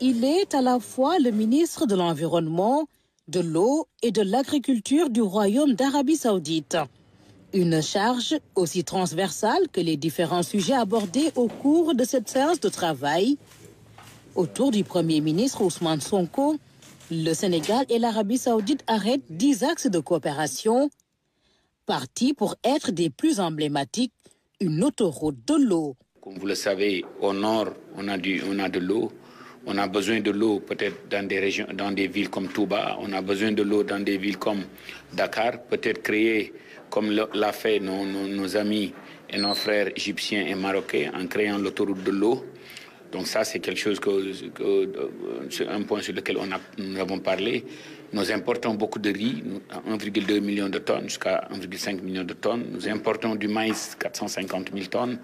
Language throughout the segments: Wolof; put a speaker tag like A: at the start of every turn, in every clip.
A: Il est à la fois le ministre de l'Environnement, de l'eau et de l'agriculture du Royaume d'Arabie saoudite. Une charge aussi transversale que les différents sujets abordés au cours de cette séance de travail. Autour du Premier ministre Ousmane Sonko, le Sénégal et l'Arabie saoudite arrêtent dix axes de coopération, partis pour être des plus emblématiques, une autoroute de l'eau.
B: Comme vous le savez, au nord, on a de l'eau. On a besoin de l'eau peut dans des villes comme tuba On a besoin de l'eau dans des villes comme Dakar. Peut-être créer, comme l'a fait nos, nos, nos, amis et nos frères égyptiens et marocains, en créant l'autoroute de l'eau. Donc ça, c'est quelque chose que, que euh, c'est un point sur lequel on a, nous avons parlé. Nous importons beaucoup de riz, million de tonnes jusqu'à 1,5 million de tonnes. Nous importons du maïs, 450 000 tonnes.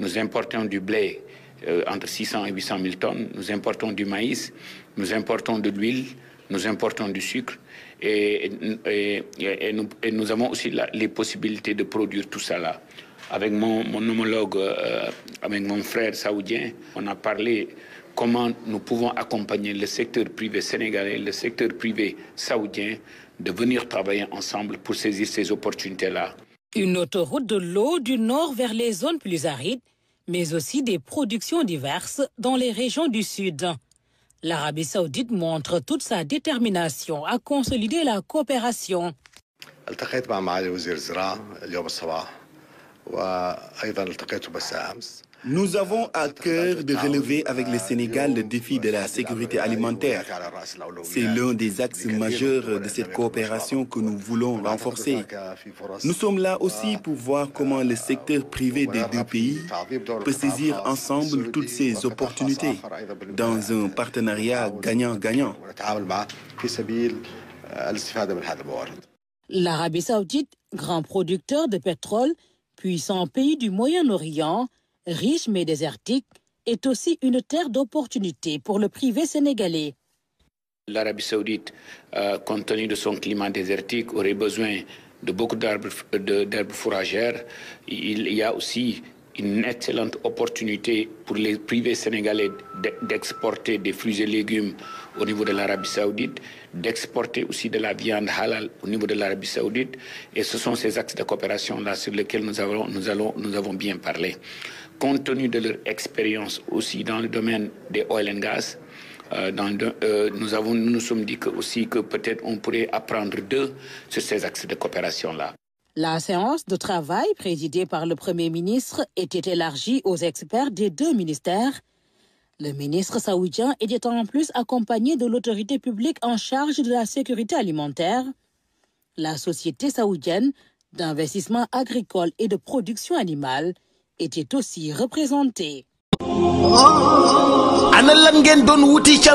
B: Nous importons du blé, Euh, entre 600 et 800 000 tonnes. Nous importons du maïs, nous importons de l'huile, nous importons du sucre et, nous, avons aussi la, les possibilités de produire tout ça là. Avec mon, mon homologue, euh, avec mon frère saoudien, on a parlé comment nous pouvons accompagner le secteur privé sénégalais, le secteur privé saoudien, de venir travailler ensemble pour saisir ces opportunités-là.
A: Une autoroute du nord vers les zones plus arides mais aussi des productions diverses dans les régions du Sud. L'Arabie saoudite montre toute sa détermination à consolider la coopération.
C: Nous avons à cœur de relever avec le Sénégal le défi de la sécurité alimentaire. C'est l'un des axes majeurs de cette coopération que nous voulons renforcer. Nous sommes là aussi pour voir comment le secteur privé des deux pays peut saisir ensemble toutes ces opportunités dans un partenariat gagnant-gagnant.
A: L'Arabie saoudite, grand producteur de pétrole, puissant pays du Moyen-Orient, riche mais désertique, est aussi une terre d'opportunités pour le privé sénégalais.
B: L'Arabie saoudite, euh, compte tenu de son climat désertique, aurait besoin de beaucoup d'arbres fourragères. Il y a aussi une excellente opportunité pour les privés sénégalais d'exporter des fruits et légumes au niveau de l'Arabie saoudite, d'exporter aussi de la viande halal au niveau de l'Arabie saoudite. Et ce sont ces axes de coopération-là sur lesquels nous, avons, nous, bien parlé. compte tenu de leur expérience aussi dans le domaine des oil gas, euh, dans le, euh, nous nous, sommes dit que, peut-être on pourrait apprendre d'eux sur ces axes de coopération-là.
A: La séance de travail présidée par le Premier ministre était élargie aux experts des deux ministères. Le ministre saoudien était en plus accompagné de l'autorité publique en charge de la sécurité alimentaire, la Société saoudienne d'investissement agricole et de production animale, était aussi représenté. ana
C: lan ngeen doon wuti ca